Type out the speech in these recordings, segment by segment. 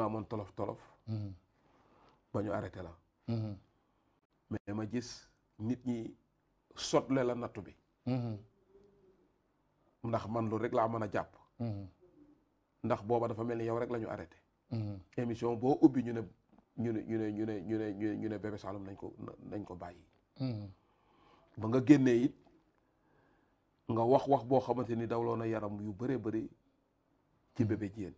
ma amoon tolof tolof. Mm-hmm. ba ñu arrêté la. Mm-hmm. mais ma gis nit ñi sotle la nattu bi. Mm-hmm. ndax man loolu rek laa mën a jàpp. ndax booba dafa mel ni yow rek lañu ñu arrêté. boo ubbi ñu ne ñu ne ñu ne ñu ne ñu ne ñu ne nañ ko nañ ko bàyyi. ba nga génnee it nga wax wax boo xamante ni dawloo na yaram yu bëree bëri ci bébé Diène.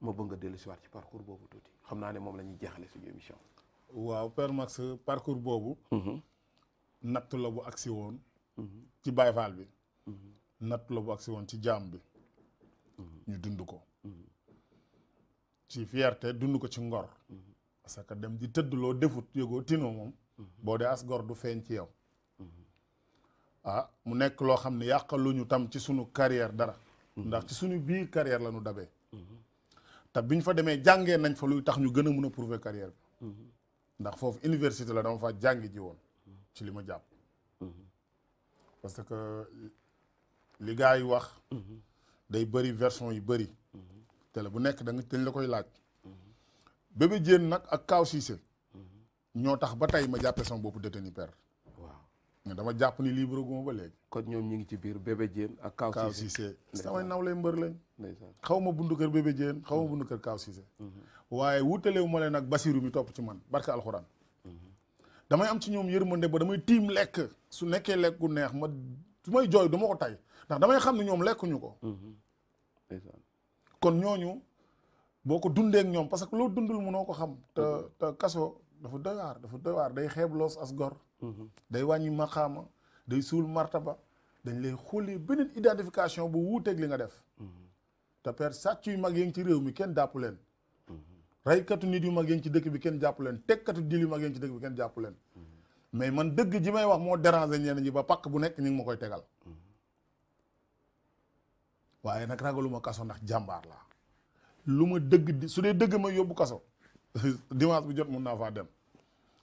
ma bëgg a dellu si waat ci parcours boobu tuuti xam naa ne moom lañuy ñuy jeexale suñu émission. waaw Père Max parcours boobu. Mhm. natt la bu agsi woon. Mhm. ci Baye bi. Mhm. natt la bu agsi woon ci jaam bi. ñu dund ko. ci fierte dund ko ci ngor. parce que dem di tëdd loo defut yëgoo tinoo moom. boo dee as gor du feeñ ci yow. ah mu nekk loo xam ne yàqaluñu tam ci suñu carrière dara. ndax ci sunu biir carrière la ñu dabee. te bi ñu fa demee jàngee nañ fa luy tax ñu gën a mun a prouver carrière bi ndax foofu université la dama fa jàngi ji woon ci li ma jàpp parce que li gars yi wax day bëri version yu bëri te bu nekk da nga dañ la koy laaj Bébé nag ak Kaaw Cissé ñoo tax ba tey ma jàppee sama bopp détenu père waaw dama jàpp ni libre guma ba léegi kon ñoom ñu ngi ci biir Bébé Diène ak Kaaw Cissé samay nawlay mbër lañ xaw ma bundu kër bébé Diène xaw ma bundu kër Kaaw Cissé waaye wutalewu ma leen ak Basiru bi topp ci man barke alxuraan damay am ci ñoom yërmande ba damay tiim lekk su nekkee lekk gu neex ma su may jooy dama ko tay ndax damay xam ne ñoom lekkuñu ko kon ñooñu boo ko dundeek ñoom parce que loo dundul noo ko xam te kaso dafa doy waar dafa doy waar day xeeb loos as gor day wàññi maqaama day suul ba dañ lay xoolee beneen identification bu wuuteeg li nga def te per sàcc yu mag yéen ci réew mi kenn dàppu leen raykatu nit yu mag yéen ci dëkk bi kenn jàpp leen tekkatu dil yu mag yéen ci dëkk bi kenn jàpp leen mais man dëgg ji may wax moo déranger ñenn ñi ba pàkk bu nekk ñu ngi ma koy tegal waaye nag ragaluma kaso ndax jàmbaar la lu ma dëgg di su dee dëgg ma yóbbu kaso dimanche bi jot mun naa faa dem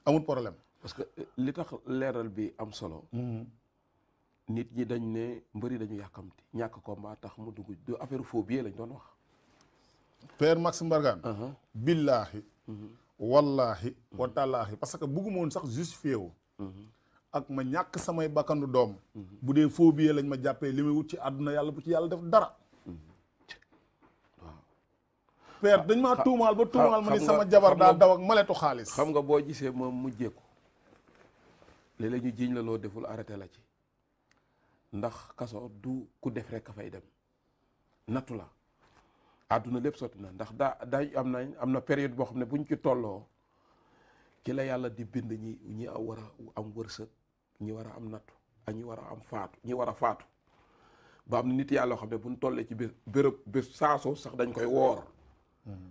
amul problème parce que eh, li tax leeral bi am solo mm-hmm. nit ñi dañ ne mbëri dañu yàkkamti ñàkk ko combat tax mu dugg du affaire phobie lañ doon wax. père Max Mbargane. Uh-huh. billaahi. Mm-hmm. wallaahi. Mm-hmm. wataalaahi parce que bëgguma sax justifié wu. Mm-hmm. ak ma ñàkk samay bakkandu doom. bu dee phobie lañ ma jàppee li may wut ci àdduna yàlla bu ci yàlla def dara. père dañ maa tuumaal ba tuumaal ma ni sama jabar daa daw ak maletu xaalis. xam nga boo gisee moom mujjee ko léeg-léeg jiiñ la loo deful arrêté la ci. ndax kaso du ku def rek ka fay dem nattu la àdduna lépp sotti na ndax daa daay am nañ am na période boo xam ne bu ñu ci tolloo ci la yàlla di bind ñi ñi war a am wërsëg ñi war a am nattu ak ñi war a am faatu ñi war a faatu ba am na nit yàlla xam ne buñ tollee ci bés bërëb bés saasoo sax dañ koy woor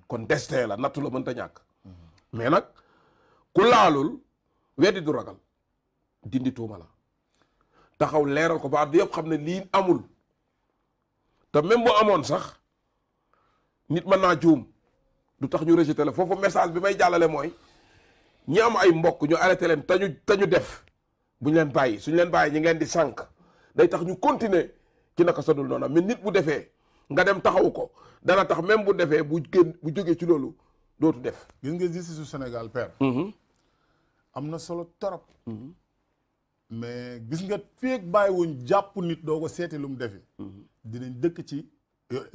kon destin la nattu la mënta ñàkk mais nag ku laalul weddi du ragal dindi tuuma la taxaw leeral ko ba àdduna yëpp xam ne lii amul te même bu amoon sax nit mën naa juum du tax ñu rejeté la foofu message bi may jàllale mooy ñi am ay mbokk ñu arrêté leen te ñu def bu ñu leen bàyyi suñu leen bàyyi ñu ngi leen di sànq day tax ñu continuer ci naka sa dul noonu mais nit bu defee nga dem taxaw ko dana tax même bu defee bu gën bu jógee ci loolu dootu def. gis nga justice su Sénégal père. Mhm. am na solo torop. Mhm. mais gis nga feeg bàyyi wuñ jàpp nit doo ko seeti lu mu defi dinañ dëkk ci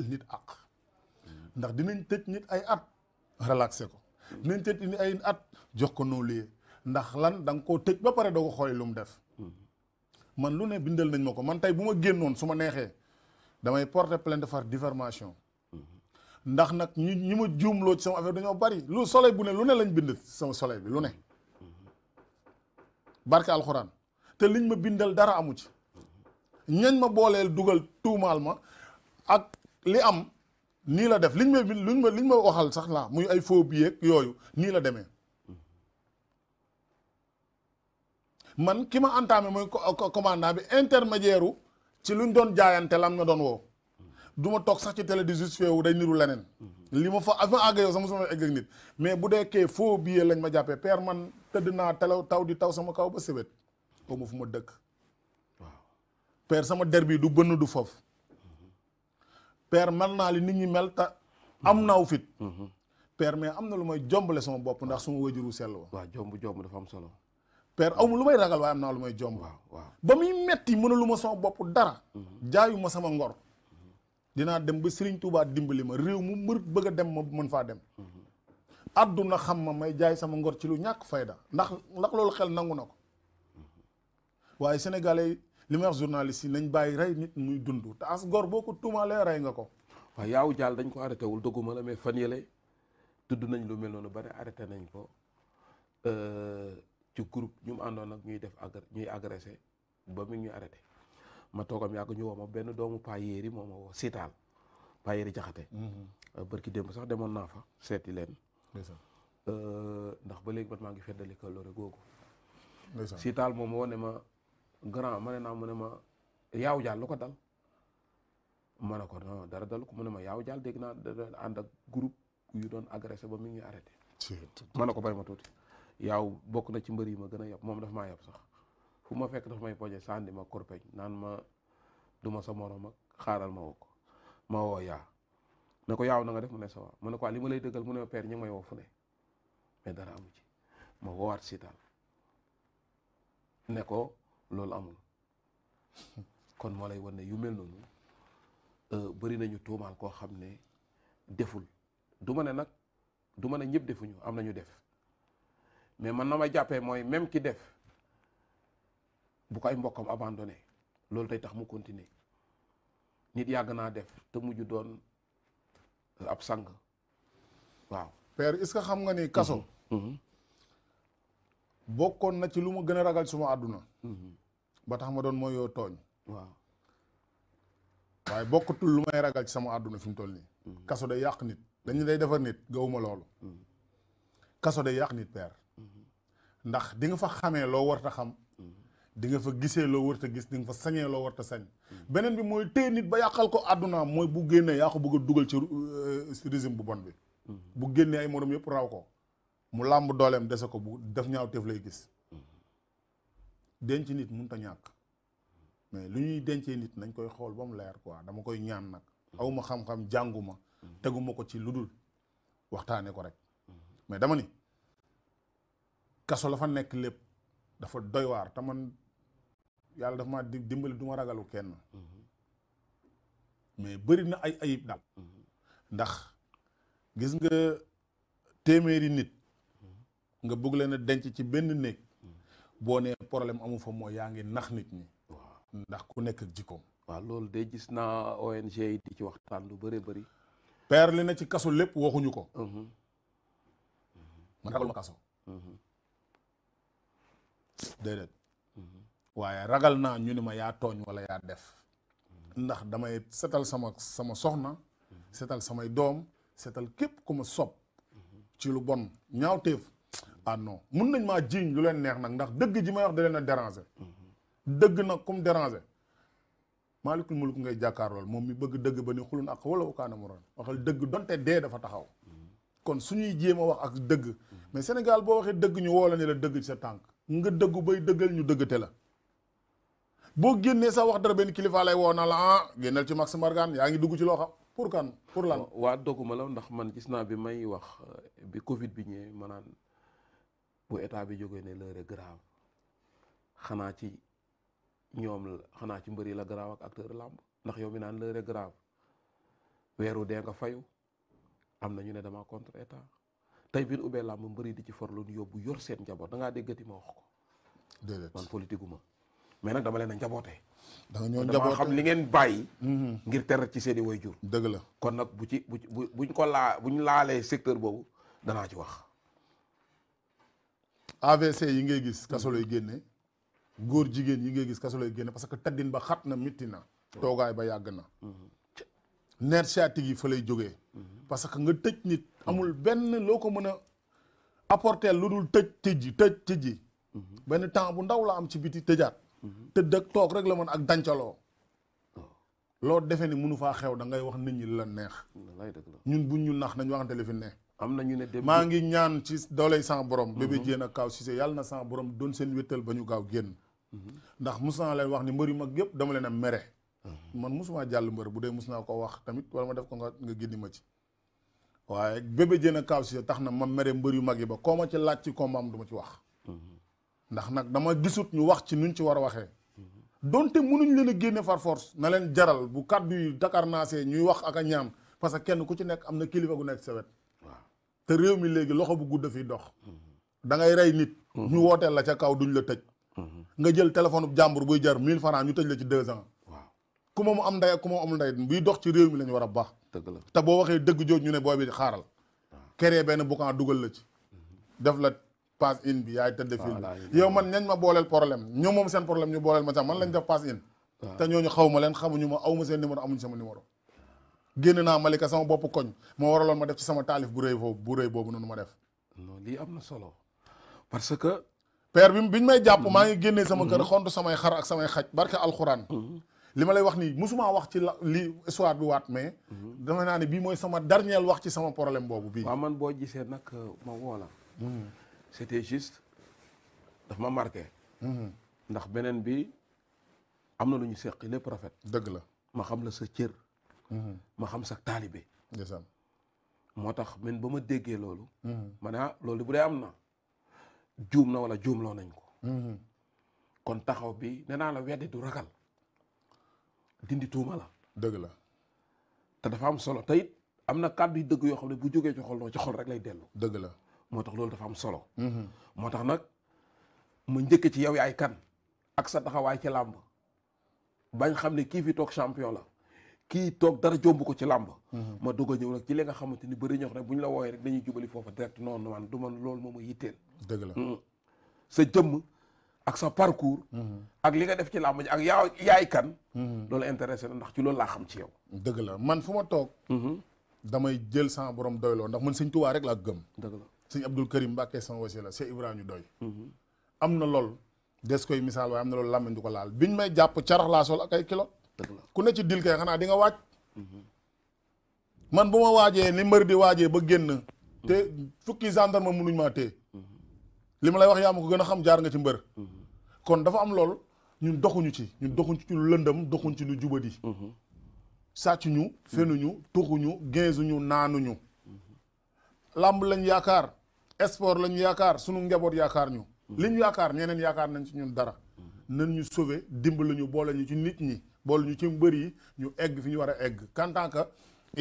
nit ak ndax dinañ tëj nit ay at relaxé ko dinañ tëj nit ay at jox ko non lieu ndax lan da koo tëj ba pare doo ko xooli lu mu def man lu ne bindal nañ ma ko man tey bu ma génnoon su ma neexee damay porter plainte far diffamation ndax nag ñu ñi ma juumloo ci sama affaire dañoo bari lu soleil bu ne lu ne lañ bind sama soleil bi lu ne barke alxuraan te liñ ma bindal dara amu ci ñañ ma booleel dugal tuumaal ma ak li am nii la def liñ ma liñ ma liñ ma waxal sax naa muy ay faux billets yooyu nii la demee man ki ma entamé mooy commandant bi intermédiaire u ci luñ doon jaayante lan ma doon woo du ma toog sax ci télé di justifié wu day niru leneen li ma fa avant àgg yow sama sama egg ak nit mais bu dee kee faux billet lañ ma jàppee père man tëdd naa telaw taw di taw sama kaw ba sëbét xaw fu ma dëkk waaw père sama der du bënn du foofu per man naa li nit ñi melta am am mm-hmm. naaw fit mm-hmm. per mais am na lu may jombale sama bopp ndax suma wajuru sell wa waaw jomb jomb dafa am solo per aw lu may ragal waaye am naa lu may jomb waaw ba muy metti mëna lu ma sama bopp dara mm-hmm. jaayuma sama ngor dinaa dem ba Serigne tuubaat dimbali ma réew mu mbër bëgg a dem ma mën faa dem àdduna xam ma may jaay sama ngor ci lu ñàkk fayda ndax ndax loolu xel nangu na ko waaye sénégalais li may wax journaliste yi nañ bàyyi rey nit muy dund te gor boo ko tuumaalee rey nga ko. waaw yaaw jaal dañ ko arrêté wul dëgguma la mais fan yële tudd nañ lu mel noonu ba ne arrêté nañ ko euh, ci groupe ñum àndoon ak ñuy def agr ñuy agressé ba mi ngi ñuy arrêté ma toogam ñu woo ma benn doomu Paa Yéeri moo ma wo Sitaal Paa Yéeri Jaxate. Mm-hmm. Euh, barki démb sax demoon naa fa seeti leen. Euh, ndax ba léegi man maa ngi feddali kaloore googu. Sitaal moom moo ne ma. grand ma ne naa mu ne ma yaaw jaal lu ko dal ma ne ko non dara dal ko mu ne ma yaaw jaal dégg naa da ànd ak groupe yu doon agressé ba mi ngi arrêté. ma ne ko bay ma tuuti. yaaw bokk na ci mbër yi ma gën a yab moom dafa ma yab sax fu ma fekk dafa may poje sànni ma kurpeñ naan ma du ma sa morom ak xaaral ma woo ko ma woo yaa ne ko yaaw na nga def mu ne sa waa ne ko li ma lay dëggal mu ne ma père ñu ngi may woo fu ne mais dara amu ci ma woowaat si daal ne ko. loolu amul kon moo lay wan yu mel noonu euh, bëri nañu tuumaal koo xam ne deful du ma ne nag du ma ne ñëpp defuñu am nañu def mais man na ma jàppee mooy même ki def bu ko ay mbokkam abandonné loolu tey tax mu continuer nit yàgg naa def te mujj doon euh, ab sang waaw père est-ce xam nga ni kaso mhm. Mhm. bokkoon na ci lu ma gën a ragal suma àdduna mhm. ba tax ma doon mooy yoo tooñ. waaw waaye bokkutul lu may ragal ci sama àdduna fi mu toll nii. Mm. kaso day yàq nit dañu day defar nit gawuma loolu. Mm. kaso day yàq nit père. Mm-hmm. ndax di nga fa xamee loo warta xam. Mm. di nga fa gisee loo warta gis di nga fa sañee loo warta sañ. beneen bi mooy téye nit ba yàqal ko àddunaam mooy bu génnee yaa ko bëgg dugal euh, ci régime bu bon bi. Mm-hmm. bu génnee ay moroom yëpp raw ko mu làmb dooleem dese ko bu def ñaaw teef lay gis. denc nit mun a ñàkk mais lu ñuy dencee nit nañ koy xool ba mu leer quoi dama koy ñaan nag awma xam-xam jànguma teguma ko ci lu dul waxtaane ko rek mais dama ni kaso la fa nekk lépp dafa doy waar te man yàlla dafa ma dimbali du ma ragalu kenn mais bëri na ay ayib daal ndax gis nga téeméeri nit nga bëgg leen denc ci benn néeg boo nee problème amu fa mooy yaa ngi nax nit ñi. ndax ku nekk ak jikkoom. waa loolu de gis naa ONG yi di ci waxtaan lu bëri bari père na ci kaso lépp waxuñu ko. Mhm. Mhm. man ragal ma kaso. Mhm. déedéet. waaye ragal naa ñu ni ma yaa tooñ wala yaa def. ndax damay setal sama sama soxna. setal samay doom setal képp ku ma sopp ci lu bon ñaawteef. ah non mun nañ maa jiiñ lu leen neex nag ndax dëgg ji may wax da leen a dëgg na comme déranger. maalikul mulk ngay jàkkaarlool moom mi bëgg dëgg ba ni xulun ak wala ukaana mu dëgg donte dee dafa taxaw kon suñuy jéem a wax ak dëgg mais Sénégal boo waxee dëgg ñu woo la ne la dëgg ci sa tànk nga dëggu bay dëggal ñu dëggate la boo génnee sa wax dara benn kilifa lay woo na la ah génneel ci Max Margan yaa ngi dugg ci loo xam pour kan pour lan waa dogguma la ndax man gis naa bi may wax bi covid bi ñëwee maanaam bu bi jógee ne l'heure est grave xanaa ci ñoom xanaa ci mbëri la grave ak acteur làmb ndax yow mi naan l'heure est grave weeru dee nga fayu am na ñu ne dama contre état tey biir ubbee làmb mbëri di ci farlu yóbbu yor seen njaboot da ngaa déggati ma wax ko. déedéet ma mais nag dama leen a da nga ñoo xam li ngeen bàyyi. Mm-hmm. ngir ter ci seen i way jur. dëgg la kon nag bu ci bu buñ ko laa buñ laalee secteur boobu danaa ci wax. AVC yi ngay gis kaso lay génne góor jigéen yi ngay gis kaso lay génne parce que tëddin ba xat na mitti na toogaay ba yàgg na nerf sciatique yi fa lay jógee parce que nga tëj nit amul benn loo ko mën a apporter lu dul tëj tëjji tëj tëjji benn temps bu ndaw la am ci biti tëjaat tëdd ak toog rek la mën ak dancaloo loo defee ni munu faa xew da ngay wax nit ñi la neex ñun buñ ñu nax nañ waxante li fi neex am na ñu ne dem maa ngi ñaan ci dooley sans borom. Mhm. bébé jéen ak Kaaw Cissé yàlla na sans borom doon seen wéttal ba ñu gaaw génn. Mhm. ndax mus naa leen wax ni mbër yu mag yëpp dama leen a mere. Mhm. man musuma jàll mbër bu dee mus naa ko wax tamit wala ma def ko nga nga génni ma ci. waaye bébé jéen ak Kaaw Cissé tax na ma mere mbër yu mag yi ba koo ma ci laaj ci combat am du ci wax. ndax nag dama gisut ñu wax ci nuñ ci war a waxee. donte mënuñ leen a génne far force na leen jaral bu kàddu yi Dakar naasee ñuy wax ak a parce que kenn ku ci nekk am na kilifa gu nekk sa wet te réew mi léegi loxo bu gudd fi dox dangay rey nit ñu mhm. wooteel la ca kaw duñ la tëj mhm. nga jël téléphone bu jàmbur buy jar mille francs ñu tëj la ci deux ans ku ma mu am ndey ak ku ma amul ndey buy dox ci réew mi la ñu war a baax te boo waxee dëgg jooj ñu ne booy bi xaaral créé benn boucan dugal la ci mhm. def la pass in bi yaay tëdd film yow man ñañ ma booleel problème ñoom moom seen problème ñu booleel ma sax man lañ mm. def pass in te ñooñu xaw ma leen xamuñu ma aw ma seen numéro amuñ sama numéro génn naa Malika sama bopp koñ moo waraloon ma def ci sama taalif bu rëy boobu bu rëy boobu noonu ma def. non lii am na solo parce que. père bi ñu may jàpp maa ngi génnee sama mm-hmm. kër xontu samay xar ak samay xaj barke alxuraan. Mm-hmm. li ma lay wax nii musuma wax ci la li histoire bi waat mais. Mm-hmm. dama naa ne bii mooy sama dernier wax ci sama problème boobu bii. waaw man boo gisee nag euh, ma woo la. c'était juste daf ma marqué. ndax beneen bi am na lu ñu seq lépp rafet. dëgg la ma xam la sa cër. Mm-hmm. ma xam sax taalibe. ndeysaan moo tax man ba ma déggee loolu. Mm-hmm. ma ne ah loolu bu dee am na juum na wala juumloo nañ ko. Mm-hmm. kon taxaw bi nee naa la weddi du ragal dindi tuuma la. dëgg la te dafa am solo te it am na kàddu yu dëgg yoo xam ne bu jógee ci xol noo ci xol rek lay dellu. dëgg la moo tax loolu dafa am solo. moo tax nag ma njëkk ci yow yaay kan ak sa taxawaay ci làmb bañ xam ne kii fi toog champion la. kii toog dara jomb ko ci làmb mhm. ma dugg a ñëw nag ci li nga xamante ni bëri ñox rek bu ñu la wooyee rek dañuy jubali foofa direct noonu man du man la mm. sa jëmm ak sa parcours mhm. ak li nga def ci làmb ak yaa yaay kan mhm. loolu intéressé na ndax ci loolu laa xam ci yow dëgg la man fu ma toog damay jël sama borom doyloo ndax man sëñ Tuubaa rek laa gëm dëgg la sëñ Abdul Karim Mbàkke sama wasila Cheikh Ibrahima ñu doy am na lool des koy misaal waaye am na loolu làmmiñ du ko laal biñ may jàpp carax laa sol ak ay kilo ku nekk ci dil kay xanaa di nga waaj. man bu ma waajee ni mbër di waajee ba génn. te fukki ma munuñ maa téye. li ma lay wax yaa ma ko gën a xam jaar nga ci mbër. kon dafa am lool ñun doxuñu ci ñun doxuñ ci lu lëndëm doxuñ ci lu jubadi. sàccuñu fenuñu tuxuñu géezuñu naanuñu. làmb lañ yaakaar sport lañu yaakaar sunu njaboot yaakaar ñu. liñ yaakaar ñeneen yaakaar nañ ci ñun dara. nañ ñu sauver dimbali ñu boole ñu ci nit ñi. bool ñu ci mbër yi ñu egg fi ñu war a egg en que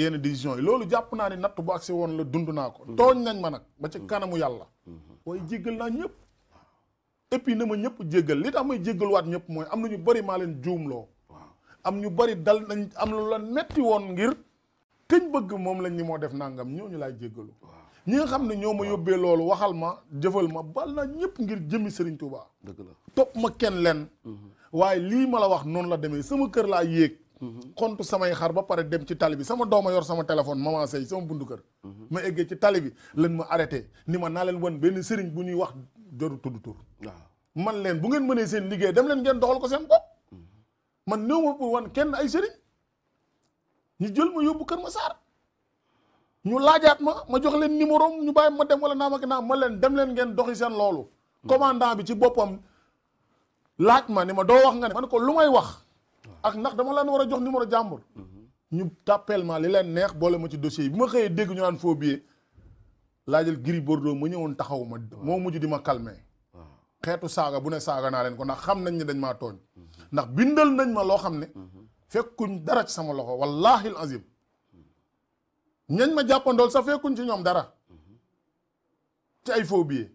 yenn décision yi loolu jàpp naa ni natt bu agsi woon la dund naa ko mm-hmm. tooñ nañ ma nag ba ci mm-hmm. kanamu yàlla mm-hmm. waaye jéggal naa ñëpp et puis na ma ñëpp jéggal li tax may jéggalwaat ñëpp mooy am na ñu bari maa leen juumloo am ñu bari dal nañ am lu la metti woon ngir këñ bëgg moom lañ ni moo def nangam ñooñu laay jéggalu ñi nga xam ne ñoo ma yóbbee loolu waxal ma jëfal ma bal naa ñëpp ngir jëmi Serigne Touba dëgg la topp ma kenn leen waaye lii ma la wax noonu la demee sama kër laa yéeg xontu samay xar ba pare dem ci tali bi sama dooma yor sama téléphone maman sey sama bundu kër ma eggee ci tali bi leen ma arrêté ni ma naa leen wan benn sëriñ bu ñuy wax joru tudd tur man leen bu ngeen mënee seen liggéey dem leen ngeen doxal ko seen bopp man néew ma pour wan kenn ay sëriñ ñu jël ma yóbbu kër ma saar ñu laajaat ma ma jox leen numéro ñu bàyyi ma dem wala naa ma ki naa ma leen dem leen ngeen doxi seen loolu hmm. commandant bi ci boppam laaj ma ni ma doo wax nga ne ma ne ko lu may wax ak ndax dama leen war a jox numéro jàmbur ñu tàppeel ma li leen neex boole ma ci dossier yi bi ma xëyee dégg ñu naan foo biyee laajal giri Bordeaux ma ñëwoon taxaw ma moo mujj di ma calmer xeetu saaga bu ne saaga naa leen ko ndax xam nañ ne dañ maa tooñ ndax bindal nañ ma loo xam ne fekkuñ dara ci sama loxo wallahi al azim ñañ ma jàppandool sa fekkuñ ci ñoom dara ci ay faux billets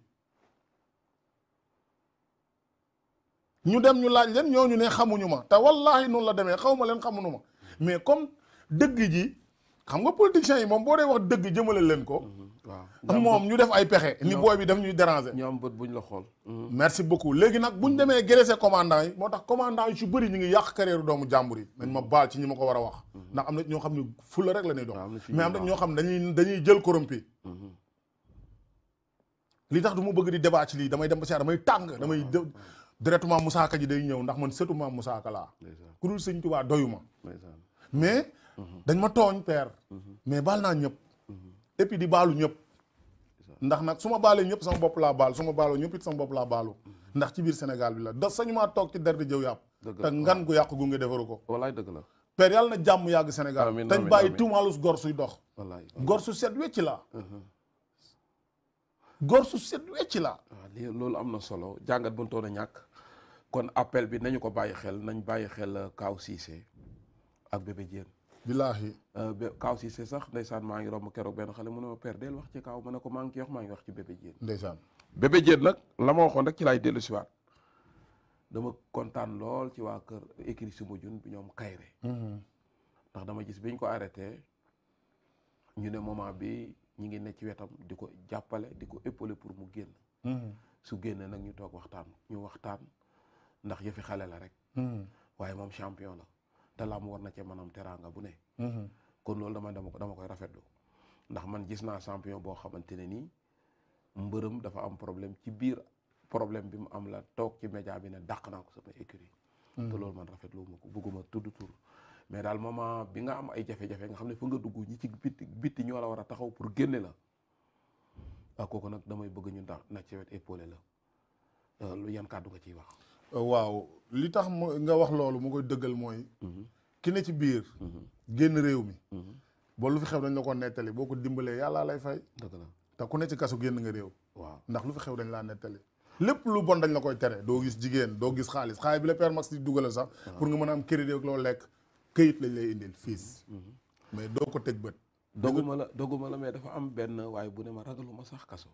ñu dem ñu laaj leen ñoo ñu ne xamuñu ma te wallaahi noonu la demee xaw ma leen xamuñu ma mais comme dëgg ji xam nga politiciens yi moom boo dee wax dëgg jëmale leen ko. waaw moom ñu def ay pexe. ni booy bi daf ñuy déranger. ñu am bët buñ la xool. merci beaucoup léegi nag bu ñu demee gërëse commandant yi moo tax commandant yi su bëri ñu ngi yàq carrière doomu jàmbur yi. nañ ma baal ci ñi ma ko war a wax. Mm-hmm. ndax am na ñoo xam ne fulla rek la ñuy dox. mais am na ñoo xam dañuy dañuy jël corrompi. Mm-hmm. li tax du mu bëgg di débat ci lii damay dem ba si damay tàng damay. directement maam Moussa Ka ji day ñëw ndax man sëtu maam Moussa Ka laa. ku dul sëñ Tuubaa doyuma. mais. Mhm. dañ ma tooñ père. Mhm. mais baal naa ñëpp. Mhm. et puis di baalu ñëpp. ndax nag su ma baalee ñëpp sama bopp laa baal su ma baaloo ñëpp it sama bopp laa baalu. ndax ci biir Sénégal bi la da sañu maa toog ci der di jëw yàpp. te ngan gu yàq gu nga defaru ko. wallaay dëgg la. père yàlla na jàmm yàgg Sénégal. amiin dañ bàyyi tuumaalus gor suy dox. wallaay gor su set wecc la gor su set wecc la. Ah, loolu am na solo jàngat bu ñu toon ñàkk kon appel bi nañu ko bàyyi xel nañu bàyyi xel euh, Kaaw Cissé ak Bébé Diène. billaahi. Euh, Kaaw Cissé sax ndeysaan maa ngi romb keroog benn xale mu ne ma père del wax ci Kaaw ma ne ko maa ngi ciy wax wax ci Bébé Diène. ndeysaan Bébé Diène nag la ma waxoon rek ci lay dellu si waat dama kontaan lool ci waa kër écris si mujjun bi ñoom Kayre. Mm-hmm. ndax dama gis biñ ko arrêté ñu ne moment bi ñu ngi ne ci wetam di ko jàppale di ko épauler pour mu génn. Mm-hmm. su génnee nag ñu toog waxtaan ñu waxtaan. ndax yëfi xale la rek hmm. waaye moom champion la te mu war na cee maanaam teraanga bu ne hmm. kon loolu dama dama dama koy rafetlu ndax man gis naa champion boo xamante ne nii mbërëm dafa am problème ci biir problème bi mu am la toog ci média bi ne dàq naa ko sama écurie hmm. te loolu man rafetlu ma ko bëgguma tudd tur mais daal moment bi nga am ay jafe-jafe nga xam ne fa nga dugg ñu ci bitti bitti ñoo la war a taxaw pour génne la ak ah, kooku nag damay bëgg ñu ndax na ci wet épaulé la euh, lu yan kàddu nga ciy wax waaw li tax nga wax loolu mu koy dëggal mooy. ki ne ci biir. génn réew mi. ba lu fi xew dañ la ko nettali boo ko dimbalee yàllaa lay fay. dëgg la te ku ne ci kaso génn nga réew. ndax lu fi xew dañ laa nettali. lépp lu bon dañ la koy tere doo gis jigéen doo gis xaalis xaalis bi la Père Max di dugalal sax. pour nga mën a am crédit loo lekk këyit lañ lay indil fiis mais doo ko teg bët. doguma la doguma la mais dafa am benn waaye bu ne ma ragalu ma sax kaso.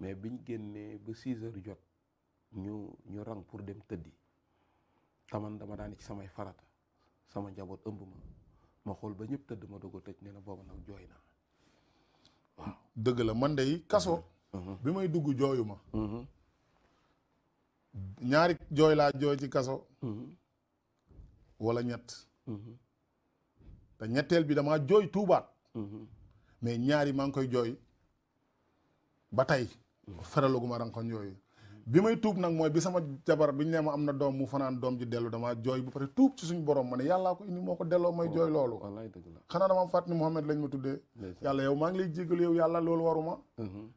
mais biñ génnee ba 6 heures jot. ñu ñu rang pour dem tëddi taman dama daan ci samay farata sama njaboot ëmb ma ma xool ba ñëpp tëdd ma doog a tëj ne na booba nag jooy na waaw. dëgg la man de kaso. Mhm, mhm. bi may dugg jooyu ma. Mhm. ñaari jooy laa jooy ci kaso. wala ñett. te ñetteel bi damaa jooy tuubaat. mais ñaari maa ngi koy jooy ba tey. faralaguma rankoñ yooyu. bi may tuub nag mooy bi sama jabar bi ñu ne ma am na doom mu fanaan doom ji dellu damaa jooy bu pare tuub ci suñu borom ma ne yàllaa ko indi moo ko delloo may jooy loolu xanaa dama fàtt ni Mouhamed lañ ma tuddee yàlla yow maa ngi lay jégal yow yàlla loolu mm-hmm.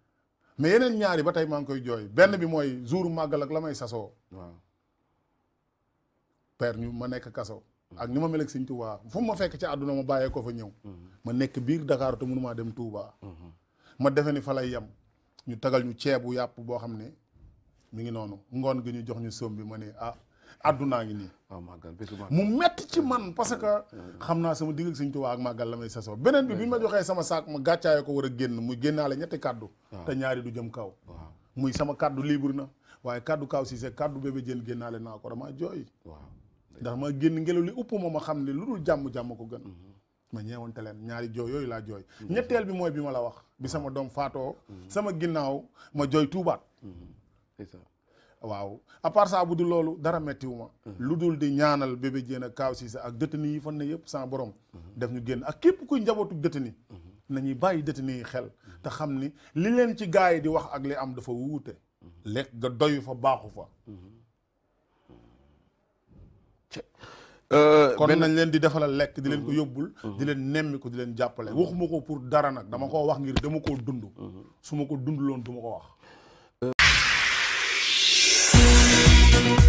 mais yeneen ñaari ba tey maa ngi koy jooy benn bi mooy jour màggal ak la may sasoo waaw ñu ma nekk kaso mm-hmm. ak ni ma mel ak sëñ Touba fu ma fekk ci àdduna ma bàyyee ko fa ñëw mm-hmm. ma nekk biir Dakar te maa dem tuubaa ma defe ni fa lay yem ñu tagal ñu ceebu yàpp boo xam ne mu ngi noonu ngoon gi ñu jox ñu soom bi ma ne ah àddunaa ngi nii oh mu metti ci man parce que xam naa sama digg ak Sëñ Tuubaa ak màggal la may sasoo beneen bi bi ma joxee sama saak ma gàccaayoo ko war a génn génnaale ñetti kàddu te ñaari jëm kaw muy sama kàddu libre na waaye kàddu kaw si se kàddu bébé jën génnaale naa ko damaa jooy ndax ma génn ngelaw li upp ma ma xam ne lu jàmm-jàmm ko gën mm-hmm. ma ñeewante leen ñaari jooy yooyu laa jooy mm-hmm. ñetteel bi mooy bi ma la wax bi sama doom faatoo mm-hmm. sama ginnaaw ma jooy tuubaat waaw à part bu dul loolu dara méttiwuma lu dul di ñaanal bébé jéen ak kaaw siisa ak détenu yi fan ne yëpp sans borom def ñu génn ak képp kuy njabootu détenu nañuy bàyyi détenu yi xel te xam ni li leen ci gaa yi di wax ak li am dafa wuute lekk ga doyu fa baaxu fa euh, kon nañ leen di defalal lekk di leen ko mhm. yóbbul di mhm. leen nemmi ko di leen jàppale mhm. waxuma ko pour dara nag dama koo wax ngir dama koo dund su ma ko dund loon du ma ko wax thank you